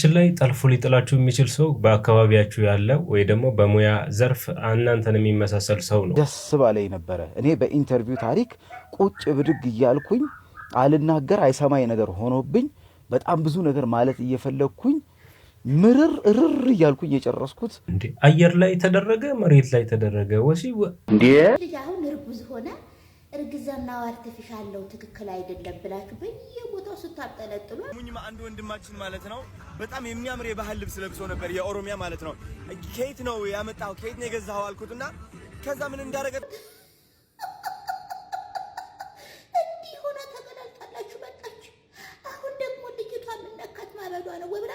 ችን ላይ ጠልፎ ሊጥላችሁ የሚችል ሰው በአካባቢያችሁ ያለ ወይ ደግሞ በሙያ ዘርፍ እናንተን የሚመሳሰል ሰው ነው። ደስ ባላይ ነበረ። እኔ በኢንተርቪው ታሪክ ቁጭ ብድግ እያልኩኝ አልናገር አይሰማኝ ነገር ሆኖብኝ በጣም ብዙ ነገር ማለት እየፈለግኩኝ ምርር እርር እያልኩኝ የጨረስኩት አየር ላይ ተደረገ፣ መሬት ላይ ተደረገ። ወሲ አሁን እርጉዝ ሆነ እርግዝናው አርቲፊሻል ነው፣ ትክክል አይደለም ብላችሁ በየቦታው ስታጠለጥሉ ሙኝማ አንድ ወንድማችን ማለት ነው በጣም የሚያምር የባህል ልብስ ለብሶ ነበር፣ የኦሮሚያ ማለት ነው። ከየት ነው ያመጣው ከየት ነው የገዛኸው አልኩትና ከዛ ምን እንዳደረገ እንዲህ ሆነ ተገላልጣላችሁ መጣች። አሁን ደግሞ ልጅቷ የምነካት ማለዷ ነው ወብላ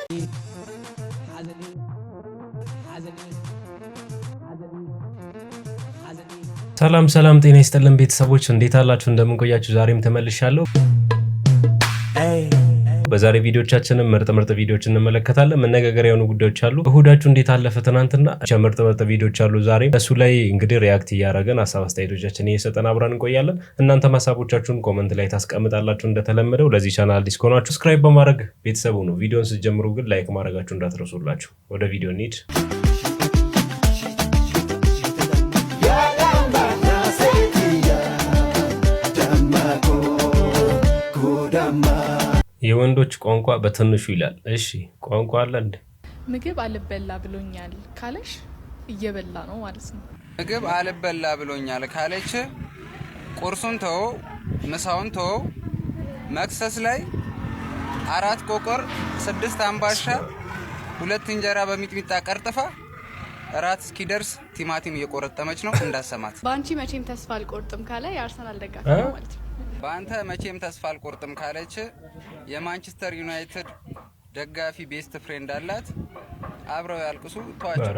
ሰላም ሰላም፣ ጤና ይስጥልን ቤተሰቦች እንዴት አላችሁ? እንደምንቆያችሁ ዛሬም ተመልሻለሁ። በዛሬ ቪዲዮቻችንም ምርጥ ምርጥ ቪዲዮች እንመለከታለን። መነጋገሪያ የሆኑ ጉዳዮች አሉ። እሁዳችሁ እንዴት አለፈ? ትናንትና ምርጥ ምርጥ ቪዲዮች አሉ። ዛሬ እሱ ላይ እንግዲህ ሪያክት እያረገን ሀሳብ አስተያየቶቻችን እየሰጠን አብረን እንቆያለን። እናንተም ሀሳቦቻችሁን ኮመንት ላይ ታስቀምጣላችሁ። እንደተለመደው ለዚህ ቻናል አዲስ ከሆናችሁ ስክራይብ በማድረግ ቤተሰቡ ነው። ቪዲዮን ስትጀምሩ ግን ላይክ ማድረጋችሁ እንዳትረሱላችሁ። ወደ ቪዲዮ እንሂድ። የወንዶች ቋንቋ በትንሹ ይላል። እሺ ቋንቋ አለ እንዴ? ምግብ አልበላ ብሎኛል ካለሽ እየበላ ነው ማለት ነው። ምግብ አልበላ ብሎኛል ካለች ቁርሱን ተው፣ ምሳውን ተው፣ መክሰስ ላይ አራት ቆቆር፣ ስድስት አምባሻ፣ ሁለት እንጀራ በሚጥሚጣ ቀርጥፋ እራት እስኪደርስ ቲማቲም እየቆረጠመች ነው። እንዳሰማት በአንቺ መቼም ተስፋ አልቆርጥም ካለ የአርሰናል ደጋፊ ነው ማለት ነው። በአንተ መቼም ተስፋ አልቆርጥም ካለች የማንቸስተር ዩናይትድ ደጋፊ ቤስት ፍሬንድ አላት። አብረው ያልቅሱ ተዋቸው።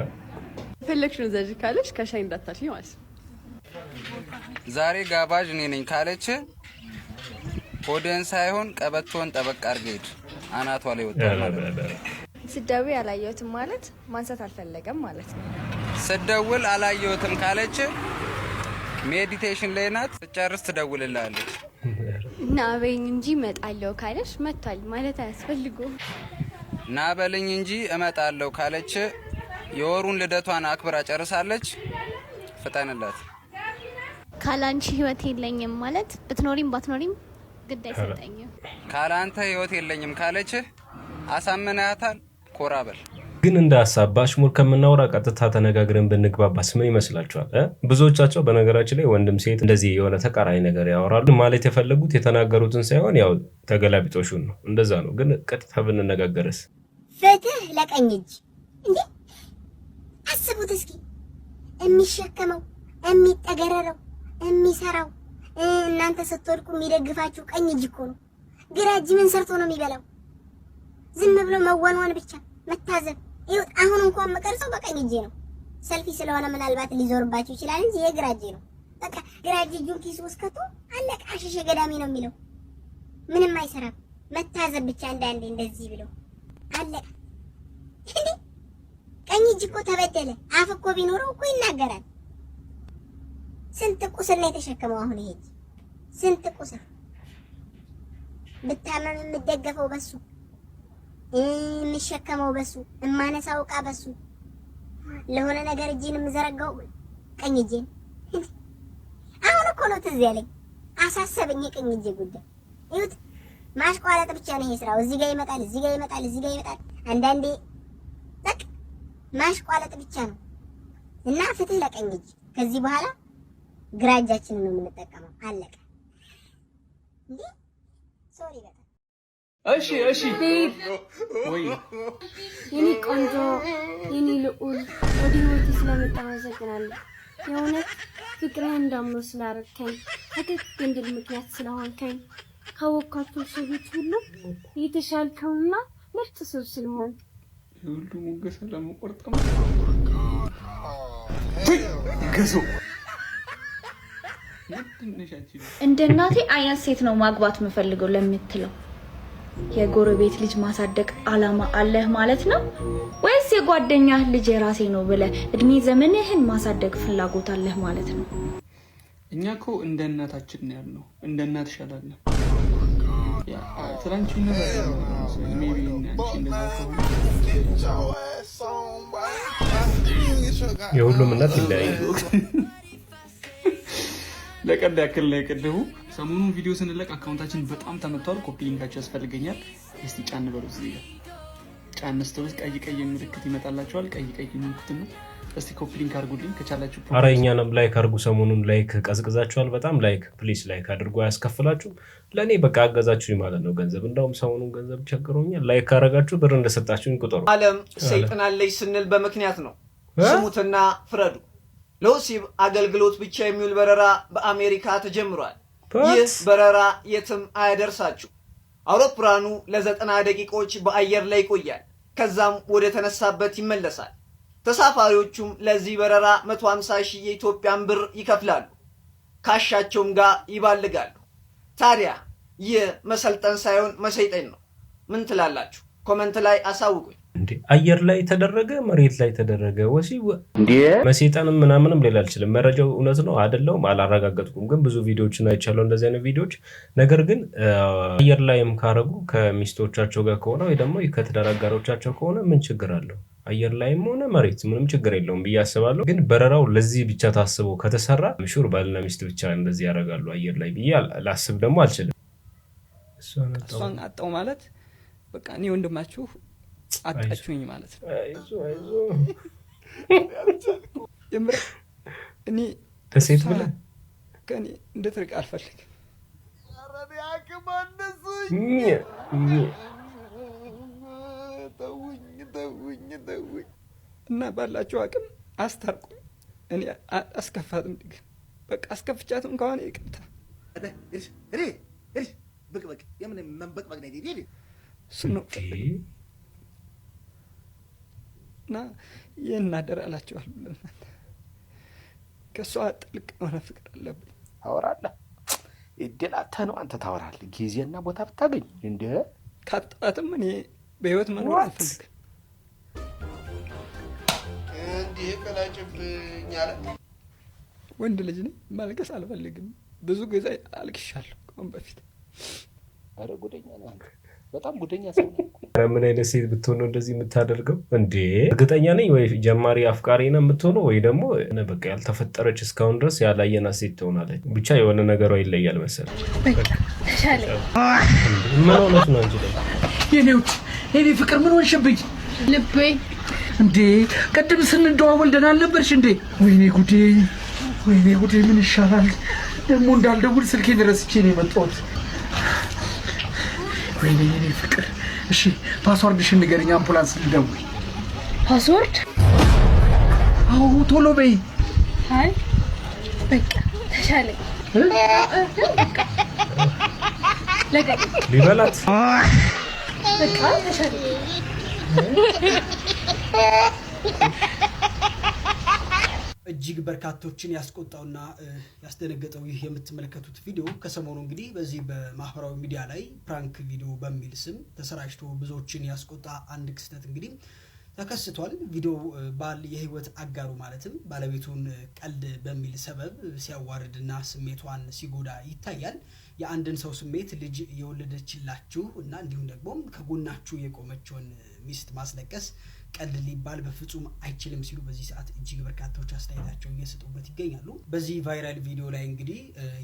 ዘጅ ካለች ከሻይ እንዳታልኝ ማለት ዛሬ ጋባዥ እኔ ነኝ ካለች ሆደን ሳይሆን ቀበቶን ጠበቅ አርገድ አናቷ ላይ ወጣ ማለት ነው። ስደውል አላየሁትም ማለት ማንሳት አልፈለገም ማለት ነው። ስደውል አላየሁትም ካለች ሜዲቴሽን ላይ ናት። ጨርስ ትደውልላለች። ና በይኝ እንጂ እመጣለሁ ካለች መጥቷል ማለት አያስፈልጉም። ና በልኝ እንጂ እመጣለሁ ካለች የወሩን ልደቷን አክብራ ጨርሳለች። ፍጠንላት። ካላንቺ ህይወት የለኝም ማለት ብትኖሪም ባትኖሪም ግድ አይሰጠኝም። ካላንተ ህይወት የለኝም ካለች አሳምናያታል። ኮራበል ግን እንደ ሀሳብ በአሽሙር ከምናወራ ቀጥታ ተነጋግረን ብንግባባስ ምን ይመስላችኋል? ብዙዎቻቸው በነገራችን ላይ ወንድም ሴት እንደዚህ የሆነ ተቃራኒ ነገር ያወራሉ። ማለት የፈለጉት የተናገሩትን ሳይሆን ያው ተገላቢጦሹን ነው። እንደዛ ነው። ግን ቀጥታ ብንነጋገርስ? ፍትህ ለቀኝ እጅ አስቡት እስኪ የሚሸከመው የሚጠገረረው የሚሰራው እናንተ ስትወድቁ የሚደግፋችሁ ቀኝ እጅ እኮ ነው። ግራ እጅ ምን ሰርቶ ነው የሚበላው? ዝም ብሎ መወንወን ብቻ መታዘብ ይሁት አሁን እንኳን መቀርጸው በቀኝ እጄ ነው። ሰልፊ ስለሆነ ምናልባት ሊዞርባችሁ ይችላል እንጂ የግራ እጄ ነው። በቃ ግራ እጄ እጁን ኪሱ ውስጥ ከቶ አለቅ አሸሸ ገዳሚ ነው የሚለው ምንም አይሰራም። መታዘብ ብቻ አንዳንዴ እንደዚህ ብለው አለቅ። ቀኝ እጅ እኮ ተበደለ። አፍ እኮ ቢኖረው እኮ ይናገራል። ስንት ቁስል ነው የተሸከመው አሁን ይሄ ስንት ቁስል ብታመም የምደገፈው በሱ የምሸከመው በሱ እማነሳው ዕቃ በሱ ለሆነ ነገር እጄን የምዘረጋው ቀኝ እጄን። አሁን እኮ ነው ትዝ ያለኝ አሳሰበኝ የቀኝ እጄ ጉዳይ። ይሁት ማሽቋለጥ ብቻ ነው ይሄ ስራው። እዚህ ጋር ይመጣል፣ እዚህ ጋር ይመጣል፣ እዚህ ጋር ይመጣል። አንዳንዴ በቃ ማሽቋለጥ ብቻ ነው እና ፍትህ ለቀኝ እጅ። ከዚህ በኋላ ግራ እጃችንን ነው የምንጠቀመው። አለቀ እንዴ ሶሪ እሺ እሺ፣ ወይ የኔ ቆንጆ የኔ ልዑል፣ ወደ ህይወቴ ስለመጣ አመሰግናለሁ። የእውነት ፍቅርህን እንዳምኖ ስላረከኝ፣ ፈገግ እንድል ምክንያት ስለሆንከኝ፣ ካወቅኳቸው ሰዎች ሁሉ የተሻልከውና ምርጥ ሰው ስለሆን የሁሉ ሞገስ ለመቆርጠም ገዙ እንደ እናቴ አይነት ሴት ነው ማግባት የምፈልገው ለምትለው የጎረቤት ልጅ ማሳደግ አላማ አለህ ማለት ነው ወይስ የጓደኛ ልጅ የራሴ ነው ብለህ እድሜ ዘመንህን ማሳደግ ፍላጎት አለህ ማለት ነው? እኛ እኮ እንደ እናታችን ነው ያልነው። እንደ እናትሽ አላለም። የሁሉም እናት ይለያያል። ለቀልድ ያክል ነው የቀድሁ። ሰሞኑን ቪዲዮ ስንለቅ አካውንታችን በጣም ተመቷል። ኮፒ ሊንካቸው ያስፈልገኛል። እስቲ ጫን በሉት። እዚህ ጋር ጫን ስትሉት ቀይ ቀይ ምልክት ይመጣላቸዋል። ቀይ ቀይ ምልክት ነው። እስቲ ኮፒ ሊንክ አድርጉልኝ ከቻላችሁ። ኧረ እኛንም ላይክ አድርጉ። ሰሞኑን ላይክ ቀዝቅዛችኋል በጣም ላይክ፣ ፕሊስ ላይክ አድርጉ። አያስከፍላችሁም። ለእኔ በቃ አገዛችሁ ማለት ነው ገንዘብ። እንዳውም ሰሞኑን ገንዘብ ቸግሮኛል። ላይክ ካረጋችሁ ብር እንደሰጣችሁኝ ቁጠሩ። አለም ሰይጥናለች ስንል በምክንያት ነው። ስሙትና ፍረዱ። ለወሲብ አገልግሎት ብቻ የሚውል በረራ በአሜሪካ ተጀምሯል። ይህ በረራ የትም አያደርሳችሁ። አውሮፕላኑ ለዘጠና ደቂቃዎች በአየር ላይ ይቆያል። ከዛም ወደ ተነሳበት ይመለሳል። ተሳፋሪዎቹም ለዚህ በረራ 150 ሺህ የኢትዮጵያን ብር ይከፍላሉ። ካሻቸውም ጋር ይባልጋሉ። ታዲያ ይህ መሰልጠን ሳይሆን መሰይጠኝ ነው። ምን ትላላችሁ? ኮመንት ላይ አሳውቁኝ። እንዴ አየር ላይ ተደረገ፣ መሬት ላይ ተደረገ ወሲብ መሴጠንም ምናምንም ሌላ አልችልም። መረጃው እውነት ነው አይደለውም አላረጋገጥኩም፣ ግን ብዙ ቪዲዮዎች አይቻለሁ እንደዚህ አይነት ቪዲዮዎች። ነገር ግን አየር ላይም ካረጉ ከሚስቶቻቸው ጋር ከሆነ ወይ ደግሞ ከትዳር አጋሮቻቸው ከሆነ ምን ችግር አለው? አየር ላይም ሆነ መሬት ምንም ችግር የለውም ብዬ አስባለሁ። ግን በረራው ለዚህ ብቻ ታስቦ ከተሰራ ምሹር ባልና ሚስት ብቻ እንደዚህ ያደርጋሉ አየር ላይ ብዬ ላስብ ደግሞ አልችልም። እሷን አጣው ማለት በቃ እኔ ወንድማችሁ አጣችሁኝ ማለት ነው። እኔ ደሴት ከእኔ እንድትርቅ አልፈልግም። እና ባላቸው አቅም አስታርቁ እኔ አስከፋትም ድግ በቃ አስከፍቻትም ከሆነ ይቅርታ። ነው እና ይህን እናደር አላቸዋል ለእናንተ ከእሷ ጥልቅ የሆነ ፍቅር አለብኝ። ታወራለህ፣ እድል አጥተህ ነው አንተ ታወራለህ። ጊዜና ቦታ ብታገኝ እንደ ካጣትም እኔ በህይወት መኖር አልፈልግ እንዲህ ቀላጭብኝ ወንድ ልጅ ነኝ፣ ማልቀስ አልፈልግም። ብዙ ጊዜ አልቅሻለሁ ከሁን በፊት። ኧረ ጉደኛ ነው በጣም ጉደኛ ሰው ምን አይነት ሴት ብትሆን እንደዚህ የምታደርገው እንዴ? እርግጠኛ ነኝ ወይ ጀማሪ አፍቃሪ ነው የምትሆነው፣ ወይ ደግሞ በቃ ያልተፈጠረች እስካሁን ድረስ ያላየና ሴት ትሆናለች። ብቻ የሆነ ነገሯ ይለያል መሰል። ምን ሆነት ነው አንቺ? የኔ ፍቅር ምን ሆንሽብኝ ልቤ? እንዴ ቅድም ስንደዋወል ደህና አልነበርሽ እንዴ? ወይኔ ጉዴ፣ ወይኔ ጉዴ፣ ምን ይሻላል ደግሞ። እንዳልደውል ስልኬን ረስቼ ነው የመጣሁት ወይኔ የኔ ፍቅር። እሺ ፓስወርድሽን ንገረኝ፣ አምቡላንስ ልደውል። ፓስወርድ? አዎ ቶሎ በይ። አይ በቃ ተሻለኝ። ሊበላት በቃ ተሻለኝ። እጅግ በርካቶችን ያስቆጣውና ያስደነገጠው ይህ የምትመለከቱት ቪዲዮ ከሰሞኑ እንግዲህ በዚህ በማህበራዊ ሚዲያ ላይ ፕራንክ ቪዲዮ በሚል ስም ተሰራጭቶ ብዙዎችን ያስቆጣ አንድ ክስተት እንግዲህ ተከስቷል። ቪዲዮ ባል የህይወት አጋሩ ማለትም ባለቤቱን ቀልድ በሚል ሰበብ ሲያዋርድና ስሜቷን ሲጎዳ ይታያል። የአንድን ሰው ስሜት ልጅ የወለደችላችሁ እና እንዲሁም ደግሞ ከጎናችሁ የቆመችውን ሚስት ማስለቀስ ቀልድ ሊባል በፍጹም አይችልም ሲሉ በዚህ ሰዓት እጅግ በርካታዎች አስተያየታቸው እየሰጡበት ይገኛሉ። በዚህ ቫይራል ቪዲዮ ላይ እንግዲህ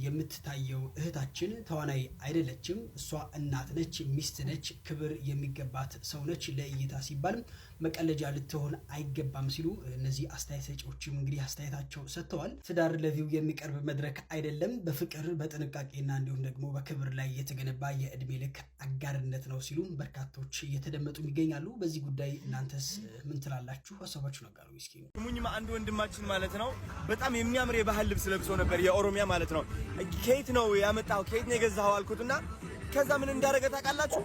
የምትታየው እህታችን ተዋናይ አይደለችም። እሷ እናት ነች፣ ሚስት ነች፣ ክብር የሚገባት ሰው ነች። ለእይታ ሲባል መቀለጃ ልትሆን አይገባም ሲሉ እነዚህ አስተያየት ሰጪዎችም እንግዲህ አስተያየታቸው ሰጥተዋል። ትዳር ለቪው የሚቀርብ መድረክ አይደለም፣ በፍቅር በጥንቃቄና እንዲሁም ደግሞ በክብር ላይ የተገነባ የእድሜ ልክ አጋርነት ነው ሲሉም በርካቶች እየተደመጡ ይገኛሉ። በዚህ ጉዳይ እናንተስ ምን ትላላችሁ? ሀሳባችሁን አጋሩ። ሚስኪኑ ሙኝማ አንድ ወንድማችን ማለት ነው በጣም የሚያምር የባህል ልብስ ለብሶ ነበር፣ የኦሮሚያ ማለት ነው። ከየት ነው ያመጣው? ከየት ነው የገዛኸው አልኩትና ከዛ ምን እንዳደረገ ታውቃላችሁ?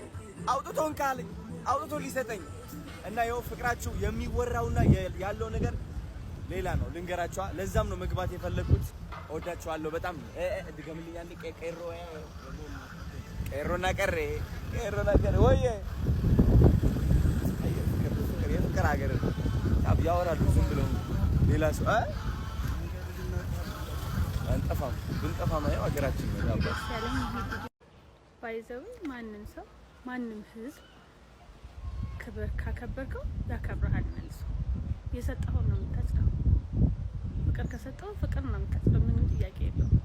አውጥቶን ካለኝ አውጥቶ ሊሰጠኝ እና ይኸው ፍቅራችሁ የሚወራውና ያለው ነገር ሌላ ነው። ልንገራችኋ። ለዛም ነው መግባት የፈለግኩት። እወዳችኋለሁ በጣም ድገምልኝ። አንድ ቀሮ ቀሮና ቀሬ ቀሮና ቀሬ ወይ መከራከር ያወራሉ ዝም ብለው ሌላ ሰው አንጠፋም ብንጠፋ ማየው ሀገራችን ነው ያልባት ባይዘው ማንም ሰው ማንም ህዝብ ክብር ካከበርከው ያከብርሃል መልሶ የሰጠኸው ነው የምታጭደው ፍቅር ከሰጠው ፍቅር ነው የምታጭደው ምንም ጥያቄ የለውም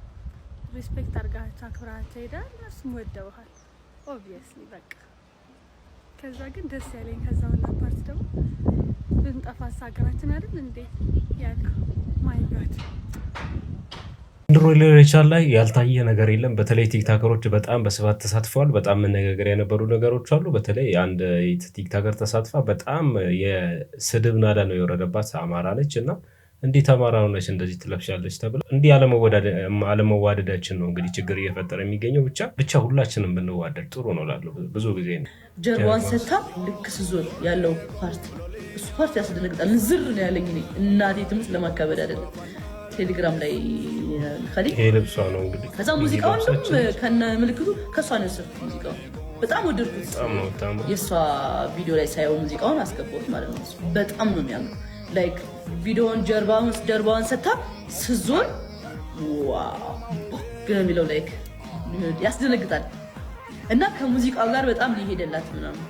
ሪስፔክት አድርጋቸው አክብራቸው ሄዳል እነሱም ወደውሃል ኦብቪየስሊ በቃ ከዛ ግን ደስ ያለኝ ከዛ ሁላ ደግሞ ብንጠፋስ ሀገራችን አይደል እንዴ ያልከው ማይጋት አንድሮይድ ሬቻል ላይ ያልታየ ነገር የለም። በተለይ ቲክታከሮች በጣም በስፋት ተሳትፈዋል። በጣም መነጋገሪያ የነበሩ ነገሮች አሉ። በተለይ አንድ ቲክታከር ተሳትፋ በጣም የስድብ ናዳ ነው የወረደባት። አማራ ነች እና እንዲህ ተማራ ሆነች እንደዚህ ትለብሻለች ተብላ እንዲህ አለመዋደዳችን ነው እንግዲህ ችግር እየፈጠረ የሚገኘው። ብቻ ብቻ ሁላችንም ብንዋደድ ጥሩ ነው እላለሁ። ብዙ ጊዜ ጀርባዋን ሰታ ልክ ስዞን ያለው ፓርቲ እሱ ፓርቲ ያስደነግጣል። ዝር ነው ያለኝ እናቴ ትምህርት ለማካበድ አይደለም ቴሌግራም ላይ ይሄ ልብሷ ነው እንግዲህ ከዛ ሙዚቃው ሙዚቃውን ከነ ምልክቱ ከእሷ ነው የወሰድኩት ሙዚቃው በጣም ወደድኩት። የእሷ ቪዲዮ ላይ ሳየው ሙዚቃውን አስገባሁት ማለት ነው። በጣም ነው የሚያምር ላይክ ቪዲዮውን ጀርባውን ደርባውን ሰታ ስዞን የሚለው ላይክ ያስደነግጣል እና ከሙዚቃው ጋር በጣም ሊሄደላት ምናምን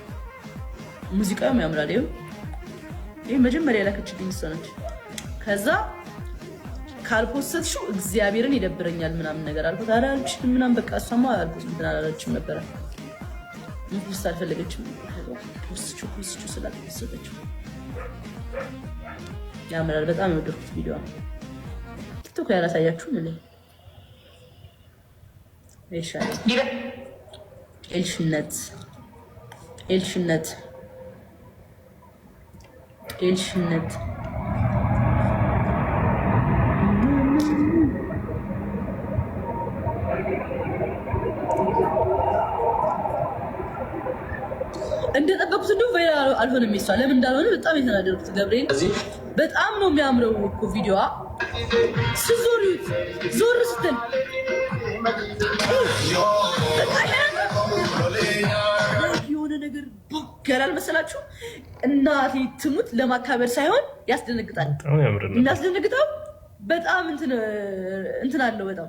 ሙዚቃውም ያምራል። ይኸው ይህ መጀመሪያ የላከችልኝ እሷ ነች። ከዛ ካልፖሰትሽው እግዚአብሔርን ይደብረኛል ምናምን ነገር አልኩት። ኧረ አልችልም ምናምን በቃ እሷማ አልኩት እንትን አላለችም ነበረ ፖስት አልፈለገችም። ፖስት ስላት ያምራል። በጣም የወደድኩት ቪዲዮ ቲክቶክ ያላሳያችሁ ምን ይሻላል። ኤልሽነት ኤልሽነት ኤልሽነት እንደጠበቁት እንደው ቫይራል አልሆነም። ይሷ ለምን እንዳልሆነ በጣም የተናደርኩት ገብርኤል በጣም ነው የሚያምረው እኮ ቪዲዮዋ ስዞሪት ዞር ስትል የሆነ ነገር ያላል መሰላችሁ? እናቴ ትሙት ለማካበር ሳይሆን ያስደነግጣል። እናስደነግጣው በጣም እንትን አለው በጣም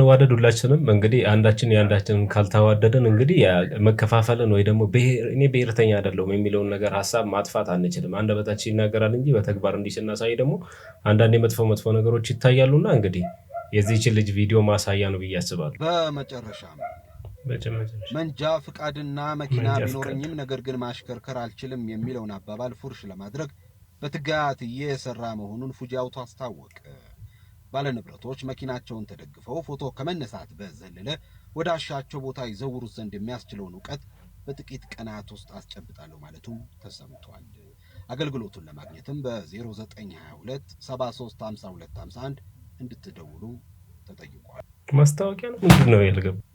ሳንዋደድ ሁላችንም እንግዲህ አንዳችን የአንዳችንን ካልተዋደድን እንግዲህ መከፋፈልን ወይ ደግሞ እኔ ብሔርተኛ አይደለሁም የሚለውን ነገር ሀሳብ ማጥፋት አንችልም። አንደበታችን ይናገራል እንጂ በተግባር እንዲህ ስናሳይ ደግሞ አንዳንድ የመጥፎ መጥፎ ነገሮች ይታያሉና እንግዲህ የዚህችን ልጅ ቪዲዮ ማሳያ ነው ብዬ አስባለሁ። በመጨረሻ መንጃ ፍቃድና መኪና ቢኖረኝም ነገር ግን ማሽከርከር አልችልም የሚለውን አባባል ፉርሽ ለማድረግ በትጋት እየሰራ መሆኑን ፉጃውቱ አስታወቀ። ባለንብረቶች መኪናቸውን ተደግፈው ፎቶ ከመነሳት በዘለለ ወደ አሻቸው ቦታ ይዘውሩት ዘንድ የሚያስችለውን እውቀት በጥቂት ቀናት ውስጥ አስጨብጣለሁ ማለቱም ተሰምቷል። አገልግሎቱን ለማግኘትም በ0922 735251 እንድትደውሉ ተጠይቋል። ማስታወቂያ ነው ምንድን ነው ያልገባ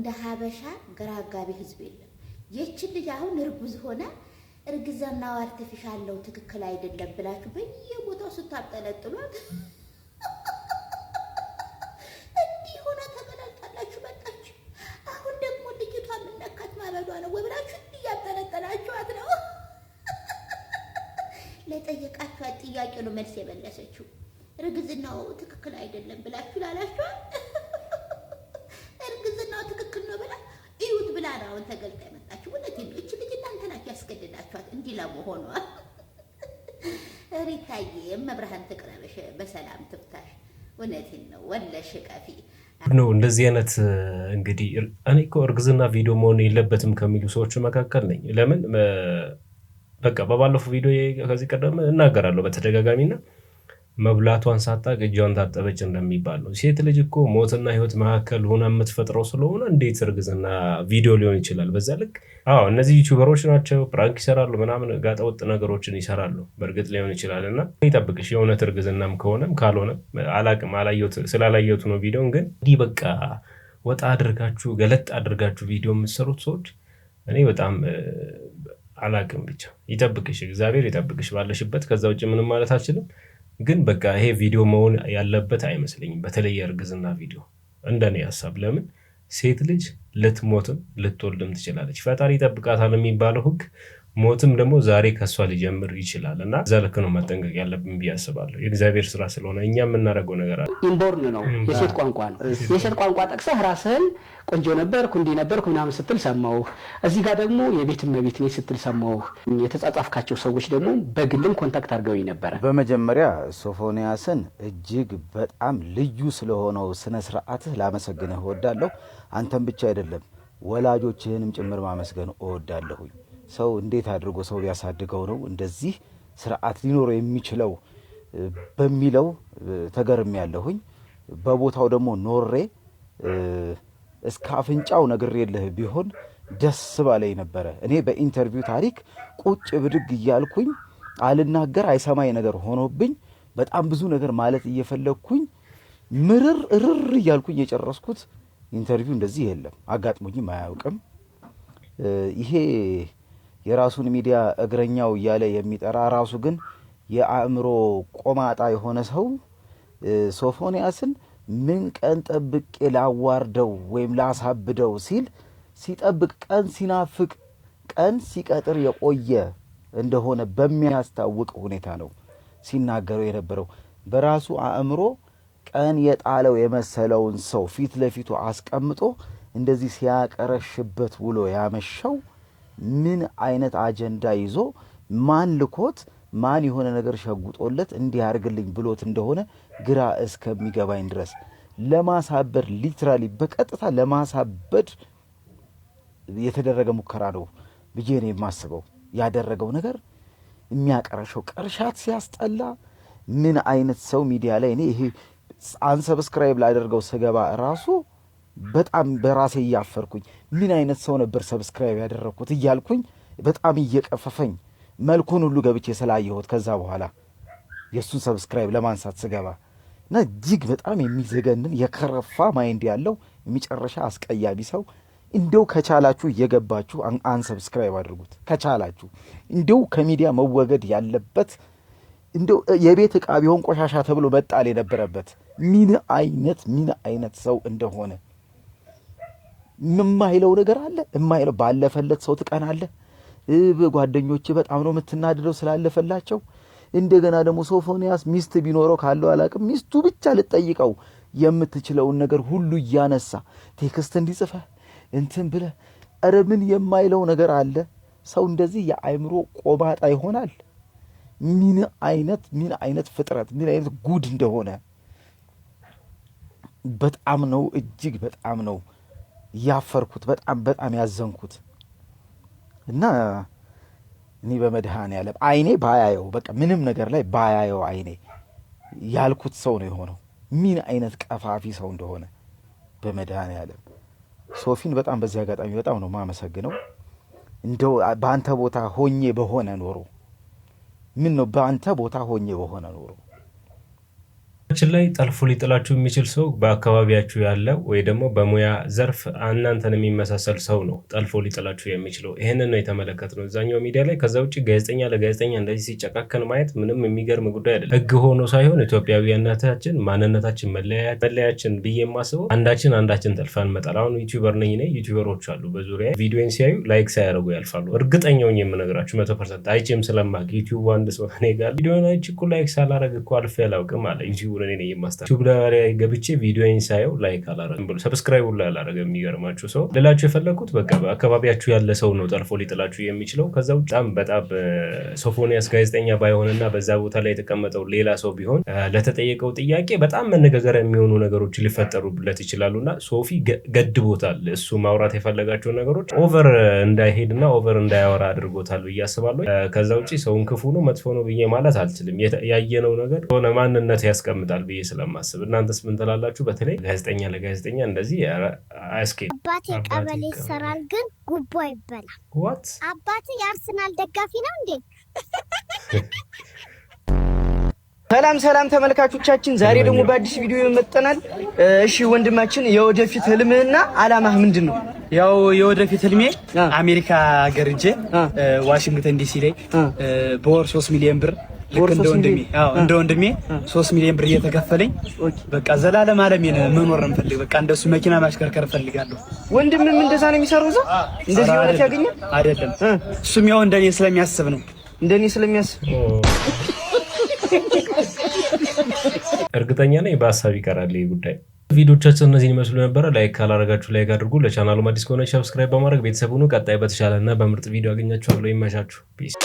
እንደ ሀበሻ ግራ አጋቢ ህዝብ የለም። የች ልጅ አሁን እርጉዝ ሆነ እርግዝናው አርቲፊሻል ነው ትክክል አይደለም ብላችሁ በየቦታው ስታጠለጥሏት እንዲህ ሆነ ተመላልጣላችሁ መጣችሁ። አሁን ደግሞ ልጅቷ የምነካት ማበዷ ነው ወይ ብላችሁ እንዲህ ነው። ለጠየቃችኋት ጥያቄ ነው መልስ የመለሰችው። እርግዝናው ትክክል አይደለም ብላችሁ ላላችኋል አሁን ተገልጣ የመጣችሁ እውነት እች ልጅ እናንተ ናችሁ ያስገደዳችኋት እንዲህ ለመሆኗ። ሪታዬ መብርሃን ትቅረብሽ፣ በሰላም ትፍታሽ። እውነቴን ነው ወለሽ ቀፊ ነው እንደዚህ አይነት እንግዲህ እኔ እኮ እርግዝና ቪዲዮ መሆን የለበትም ከሚሉ ሰዎች መካከል ነኝ። ለምን በቃ በባለፈው ቪዲዮ ከዚህ ቀደም እናገራለሁ በተደጋጋሚ እና መብላቷን ሳታቅ እጇን ታጠበች እንደሚባል ነው። ሴት ልጅ እኮ ሞትና ህይወት መካከል ሆና የምትፈጥረው ስለሆነ እንዴት እርግዝና ቪዲዮ ሊሆን ይችላል? በዛ ልክ አዎ፣ እነዚህ ዩቲዩበሮች ናቸው፣ ፕራንክ ይሰራሉ፣ ምናምን ጋጠወጥ ነገሮችን ይሰራሉ። በእርግጥ ሊሆን ይችላል እና ይጠብቅሽ፣ የእውነት እርግዝናም ከሆነም ካልሆነም አላቅም፣ ስላላየቱ ነው ቪዲዮን። ግን እንዲህ በቃ ወጣ አድርጋችሁ ገለጥ አድርጋችሁ ቪዲዮ የምትሰሩት ሰዎች እኔ በጣም አላቅም። ብቻ ይጠብቅሽ፣ እግዚአብሔር ይጠብቅሽ ባለሽበት። ከዛ ውጭ ምንም ማለት አልችልም። ግን በቃ ይሄ ቪዲዮ መሆን ያለበት አይመስለኝም። በተለይ የእርግዝና ቪዲዮ እንደኔ ሀሳብ። ለምን ሴት ልጅ ልትሞትም ልትወልድም ትችላለች። ፈጣሪ ይጠብቃታል የሚባለው ህግ ሞትም ደግሞ ዛሬ ከእሷ ሊጀምር ይችላል እና እዛ ልክ ነው መጠንቀቅ ያለብን ብዬ አስባለሁ። የእግዚአብሔር ስራ ስለሆነ እኛ የምናደርገው ነገር አለ። ኢምቦርን ነው የሴት ቋንቋ ነው። የሴት ቋንቋ ጠቅሰህ ራስህን ቆንጆ ነበርኩ እንዲህ ነበርኩ ምናምን ስትል ሰማሁህ። እዚህ ጋር ደግሞ የቤት እመቤት ነኝ ስትል ሰማሁህ። የተጻጻፍካቸው ሰዎች ደግሞ በግልም ኮንታክት አድርገውኝ ነበረ። በመጀመሪያ ሶፎንያስን እጅግ በጣም ልዩ ስለሆነው ስነስርዓትህ ላመሰግንህ እወዳለሁ። አንተም ብቻ አይደለም ወላጆችህንም ጭምር ማመስገን እወዳለሁኝ። ሰው እንዴት አድርጎ ሰው ሊያሳድገው ነው እንደዚህ ስርዓት ሊኖረው የሚችለው በሚለው ተገርም ያለሁኝ በቦታው ደግሞ ኖሬ እስከ አፍንጫው ነግሬልህ ቢሆን ደስ ባለኝ ነበረ። እኔ በኢንተርቪው ታሪክ ቁጭ ብድግ እያልኩኝ አልናገር አይሰማኝ ነገር ሆኖብኝ በጣም ብዙ ነገር ማለት እየፈለግኩኝ ምርር እርር እያልኩኝ የጨረስኩት ኢንተርቪው እንደዚህ የለም፣ አጋጥሞኝም አያውቅም። ይሄ የራሱን ሚዲያ እግረኛው እያለ የሚጠራ ራሱ ግን የአእምሮ ቆማጣ የሆነ ሰው ሶፎንያስን ምን ቀን ጠብቄ ላዋርደው ወይም ላሳብደው ሲል ሲጠብቅ ቀን ሲናፍቅ ቀን ሲቀጥር የቆየ እንደሆነ በሚያስታውቅ ሁኔታ ነው ሲናገረው የነበረው። በራሱ አእምሮ ቀን የጣለው የመሰለውን ሰው ፊት ለፊቱ አስቀምጦ እንደዚህ ሲያቀረሽበት ውሎ ያመሻው ምን አይነት አጀንዳ ይዞ ማን ልኮት ማን የሆነ ነገር ሸጉጦለት እንዲያርግልኝ ብሎት እንደሆነ ግራ እስከሚገባኝ ድረስ ለማሳበድ ሊትራሊ በቀጥታ ለማሳበድ የተደረገ ሙከራ ነው ብዬ ነው የማስበው። ያደረገው ነገር የሚያቀረሸው ቅርሻት ሲያስጠላ ምን አይነት ሰው ሚዲያ ላይ እኔ ይሄ አንሰብስክራይብ ላደርገው ስገባ ራሱ በጣም በራሴ እያፈርኩኝ ምን አይነት ሰው ነበር ሰብስክራይብ ያደረግኩት እያልኩኝ በጣም እየቀፈፈኝ መልኩን ሁሉ ገብቼ ስላየሁት ከዛ በኋላ የእሱን ሰብስክራይብ ለማንሳት ስገባ እና እጅግ በጣም የሚዘገንን የከረፋ ማይንድ ያለው የመጨረሻ አስቀያሚ ሰው እንደው ከቻላችሁ እየገባችሁ አንሰብስክራይብ አድርጉት። ከቻላችሁ እንደው ከሚዲያ መወገድ ያለበት እንደው የቤት ዕቃ ቢሆን ቆሻሻ ተብሎ መጣል የነበረበት ምን አይነት ምን አይነት ሰው እንደሆነ የማይለው ነገር አለ የማይለው ባለፈለት ሰው ትቀናለህ። በጓደኞች በጣም ነው የምትናድደው ስላለፈላቸው። እንደገና ደግሞ ሶፎንያስ ሚስት ቢኖረው ካለው አላቅም ሚስቱ ብቻ ልጠይቀው የምትችለውን ነገር ሁሉ እያነሳ ቴክስት እንዲጽፈ እንትን ብለ ኧረ ምን የማይለው ነገር አለ። ሰው እንደዚህ የአእምሮ ቆባጣ ይሆናል። ምን አይነት ምን አይነት ፍጥረት ምን አይነት ጉድ እንደሆነ በጣም ነው እጅግ በጣም ነው ያፈርኩት በጣም በጣም ያዘንኩት እና እኔ በመድሃን በመድኃኔዓለም አይኔ ባያየው በቃ ምንም ነገር ላይ ባያየው አይኔ ያልኩት ሰው ነው የሆነው። ምን አይነት ቀፋፊ ሰው እንደሆነ በመድሃን በመድኃኔዓለም ሶፊን በጣም በዚህ አጋጣሚ በጣም ነው የማመሰግነው። እንደው በአንተ ቦታ ሆኜ በሆነ ኖሮ ምን ነው በአንተ ቦታ ሆኜ በሆነ ኖሮ ችን ላይ ጠልፎ ሊጥላችሁ የሚችል ሰው በአካባቢያችሁ ያለ ወይ ደግሞ በሙያ ዘርፍ እናንተን የሚመሳሰል ሰው ነው ጠልፎ ሊጥላችሁ የሚችለው። ይህንን ነው የተመለከት ነው እዛኛው ሚዲያ ላይ። ከዛ ውጭ ጋዜጠኛ ለጋዜጠኛ እንደዚህ ሲጨካከን ማየት ምንም የሚገርም ጉዳይ አይደለም። ህግ ሆኖ ሳይሆን ኢትዮጵያዊነታችን፣ ማንነታችን መለያችን ብዬ የማስበው አንዳችን አንዳችን ጠልፈን መጣል። አሁን ዩቲዩበር ነኝ እኔ ዩቲዩበሮች አሉ በዙሪያ ቪዲዮን ሲያዩ ላይክ ሳያደርጉ ያልፋሉ። እርግጠኛውኝ የምነግራችሁ መቶ ፐርሰንት አይቼም ስለማቅ ዩቲዩብ አንድ ሰው እኔ ጋር ቪዲዮን ላይክ ሳላረግ እኮ አልፌ አላውቅም አለ ዩቲዩብ ቪዲዮውን እኔ የማስታ ዩቲዩብ ላይ ገብቼ ቪዲዮን ሳየው ላይክ አላረግም ብሎ ሰብስክራይብ ሁላ አላረግም። የሚገርማችሁ ሰው ልላችሁ የፈለግኩት በቃ በአካባቢያችሁ ያለ ሰው ነው ጠልፎ ሊጥላችሁ የሚችለው። ከዛ ውጭ በጣም በጣም ሶፎኒያስ ጋዜጠኛ ባይሆንና በዛ ቦታ ላይ የተቀመጠው ሌላ ሰው ቢሆን ለተጠየቀው ጥያቄ በጣም መነጋገሪያ የሚሆኑ ነገሮች ሊፈጠሩለት ይችላሉና ሶፊ ገድቦታል። እሱ ማውራት የፈለጋቸው ነገሮች ኦቨር እንዳይሄድና ኦቨር እንዳያወራ አድርጎታል ብዬ አስባለሁ። ከዛ ውጭ ሰውን ክፉ ነው መጥፎ ነው ብዬ ማለት አልችልም። ያየነው ነገር ሆነ ማንነት ያስቀምጣል። ይመጣል ብዬ ስለማስብ እናንተስ ምን ትላላችሁ? በተለይ ጋዜጠኛ ለጋዜጠኛ እንደዚህ አያስኬ አባቴ ቀበሌ ይሰራል፣ ግን ጉቦ ይበላል። ዋት አባቴ የአርሰናል ደጋፊ ነው እንዴ? ሰላም ሰላም ተመልካቾቻችን፣ ዛሬ ደግሞ በአዲስ ቪዲዮ ይመጠናል። እሺ ወንድማችን፣ የወደፊት ህልምህና አላማህ ምንድን ነው? ያው የወደፊት ህልሜ አሜሪካ ሀገር ሂጄ ዋሽንግተን ዲሲ ላይ በወር ሶስት ሚሊዮን ብር እንደ ወንድሜ ሶስት ሚሊዮን ብር እየተከፈለኝ በቃ ዘላለም አለም መኖር እንፈልግ በቃ እንደሱ መኪና ማሽከርከር እፈልጋለሁ። ወንድምም እንደዛ ነው የሚሰራው። እዛ እንደዚህ ወለት ያገኛል አይደለም። እሱም ያው እንደኔ ስለሚያስብ ነው እንደኔ ስለሚያስብ እርግጠኛ ነኝ በሀሳብ ይቀራል ይህ ጉዳይ። ቪዲዮቻችን እነዚህን ይመስሉ ነበረ። ላይክ ካላረጋችሁ ላይክ አድርጉ። ለቻናሉ አዲስ ከሆነ ሰብስክራይብ በማድረግ ቤተሰብ ሁኑ። ቀጣይ በተሻለና በምርጥ ቪዲዮ አገኛችኋለሁ። ይመሻችሁ። ፒስ